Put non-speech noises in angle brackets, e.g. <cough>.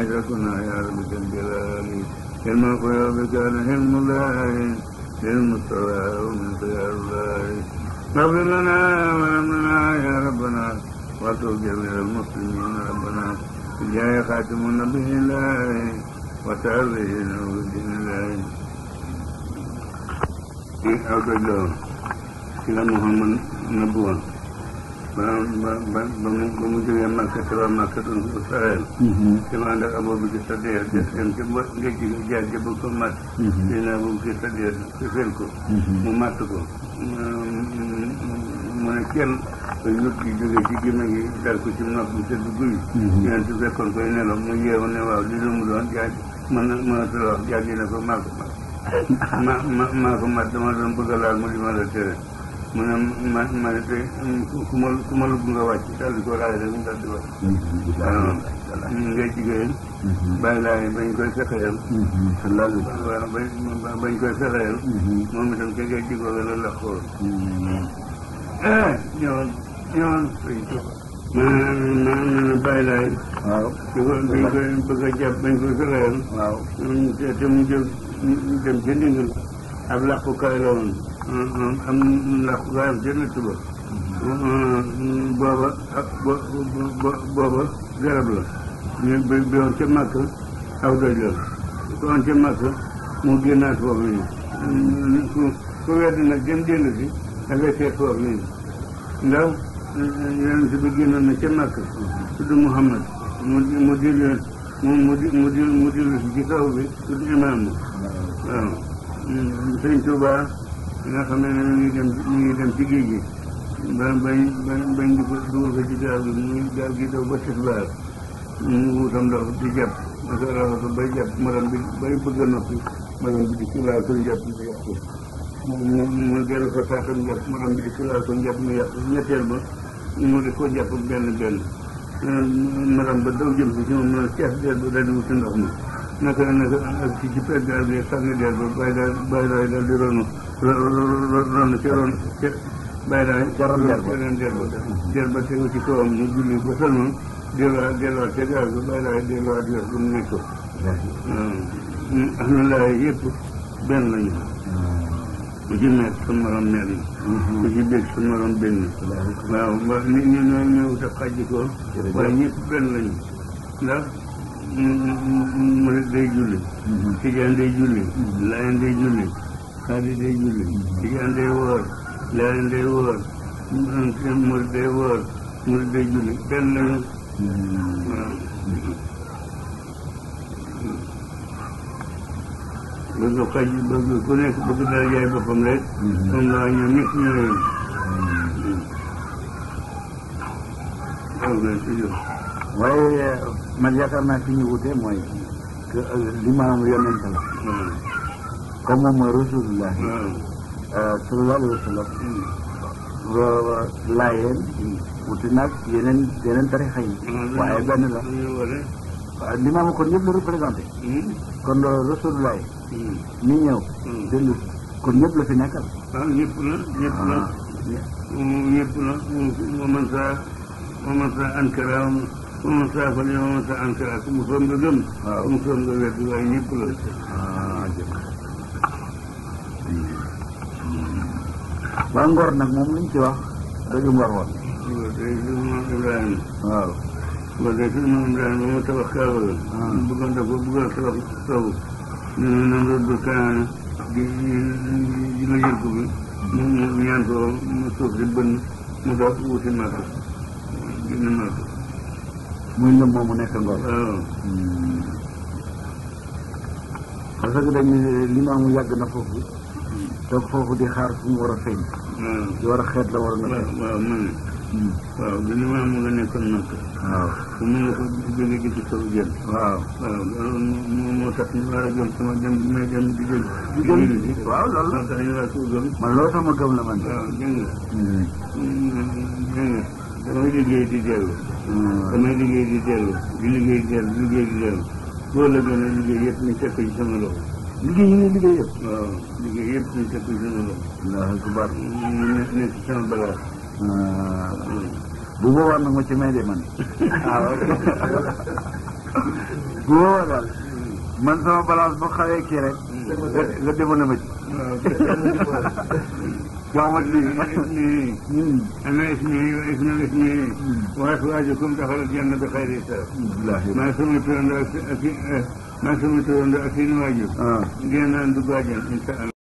حيثكنا يا رب الجلال الملك يا رب كان حلم الله حلم الصلاة ومن خيار الله اغفر لنا ولمنا يا ربنا واتوب جميع المسلمين ربنا جاء خاتم النبي الله وسعر به نور الدين الله أعبد له إلى محمد نبوه ba ba ba ba mu jógee Màkka waa Màkka doon ko sareel. Mhm. te ma ànd ak Abu Bakr Siddiq te seen ca ba géej jaar ca bëgg ko màtt. naa Abu Bakr Siddiq te ko. mu màtt ko. mu ne kenn ñut gi jógee ci gémmiñ gi dal ko ci nopp mhm. bi te dugg yi. yéen su fekkoon koy nelaw mu yeewu ne waaw li lu mu doon jaaj mën na mënatul wax jaaj ne ko maa ko maa <laughs> maa ko mat dama doon bëgg a laal mu di tere. mu ne ma ma ne te ku ma ku ma lugg nga wàcc daal di ko raay rek daal di wàcc. waaw ñun ngay jigéen. Mhm. bàyyi laay bañ koy fexeel. Mhm. laaj waaw bañ bañ koy fexeel. Mhm. moom itam ke ngay jigoo loolu la eh, xool. ñëwoon ñëwoon bañ ko. maanaam maanaam bàyyi laay. waaw di ko bañ koy bëgg a jàpp bañ koy fexeel. waaw te te mu jëm dem ca ndigal ab làqukaay la woon. moom xam ndax waayam jënd ci booba booba garab la ñu bi bi ca màkk aw doj la ko woon ca màkk mu génnaat foofu nii ku ku wedd nag gën génn si da foofu nii ndax yonent bi génnoon na ca màkk tudd Muhammad mu mu dil mu mu mu dil mu dil si ci kaw bi tudd imaam waaw sëñ Tuubaa bi nga xam ne ne dem ci géej gi ba bañ bañ bañ di ko dugal ko ci gi ñu gaal gi daw ba tisbaar ñu wutam ndox di jàpp masa rafa ko bay jàpp maram bi di ci ko taatan jàpp maram bi di ba mu di ko jàpp benn benn maram ba daw jëm si si moom mën a ceex ba daal di ma naka naka ak ci ci pegg gaal gi sànni deel ba bàyyi daal bàyyi daal di ronu ron na ca ron ca bàyyi ca ron der ba tegu ci kawam ñu julli ba sëlmal delluwaat delluwaat ca gaal ba bàyyi naa delluwaat yor nekk am na laay yëpp benn lañu ku ci nekk sa morom mer na ku bég sa morom bég ñu ñoo ñëw te xàjji ko waaye ñëpp benn lañu ndax mu day julli tijaan day julli laayeen day julli xaadi day julli tijaan day woor laayeen day woor murit day woor murit day julli benn lañu waaw bëgg xaj bëgg ku nekk bëgg dara jaay boppam rek comme la ñoom ñëpp ñoo yem waaye man yaakaar naa fi ñu wutee mooy que limaam yonent la como Rasulullah hmm. ah, sallallahu alayhi wa sallam laayeen wuti naag yeneen yeneen tarixa yi hmm. waaye benn la hmm, waaw limaam kon ñëpp la représenté kon Rasulullah mi ñëw dellu kon ñëpp la fi nekkal waaw ah, ñëpp la ñëpp la ah, ñëpp la wa man saa wa man saa ankara wa man saa fali wa man saa ankara ku mu soom nga gëm ku mu soom nga wedd waaye ñëpp la Bangor nak mumling siwa. Ada yang baru. Bagai tu nak mumling, mana tak kau? Bukan tak kau, bukan tak kau. Nenek nampak bukan di di lahir tu. Mian tu, musuh ribun, muda tu usin mata. Ini mata. Mungkin mau menaikkan gol. Kalau kita ni lima mulia kenapa? toog foofu di xaar fu mu war a feeñ. waaw di war a xeet la war a. waaw waaw man. Hmm. waaw bi ma ma nga nekkoon nag. waaw fu mu nga jóge gi di soog jël. waaw waaw moo moo tax ñu war a jël sama jëm bi may jëm di jël. di jël waaw loolu la. moo tax ñu war koo gëm. man loolu sama gëm la man. waaw dégg nga. Hmm. dégg nga damay liggéey di dellu. Hmm. damay liggéey di dellu. di liggéey di dellu di liggéey di dellu. loolu la gën a liggéey yëpp ñu fekk ci sama loxo. liggéey yi liggéey yëpp. waaw liggéey yëpp ñu teg ko jënd la. ndax subaar. ñu nekk ci sama bagage. bu boobaa nag ma ci may de man. waaw. bu boobaa daal. man sama balance ba xawee kii rek. nga demoon na ma ci. waaw wax ma ci. ana ismii wa ismii ismii. waaye su waajo comme dafa la jënd bi xëy na. alhamdulilah maa ngi sama turandoo ak Masa itu untuk asin wajib. Ha. Dia nak tukar je.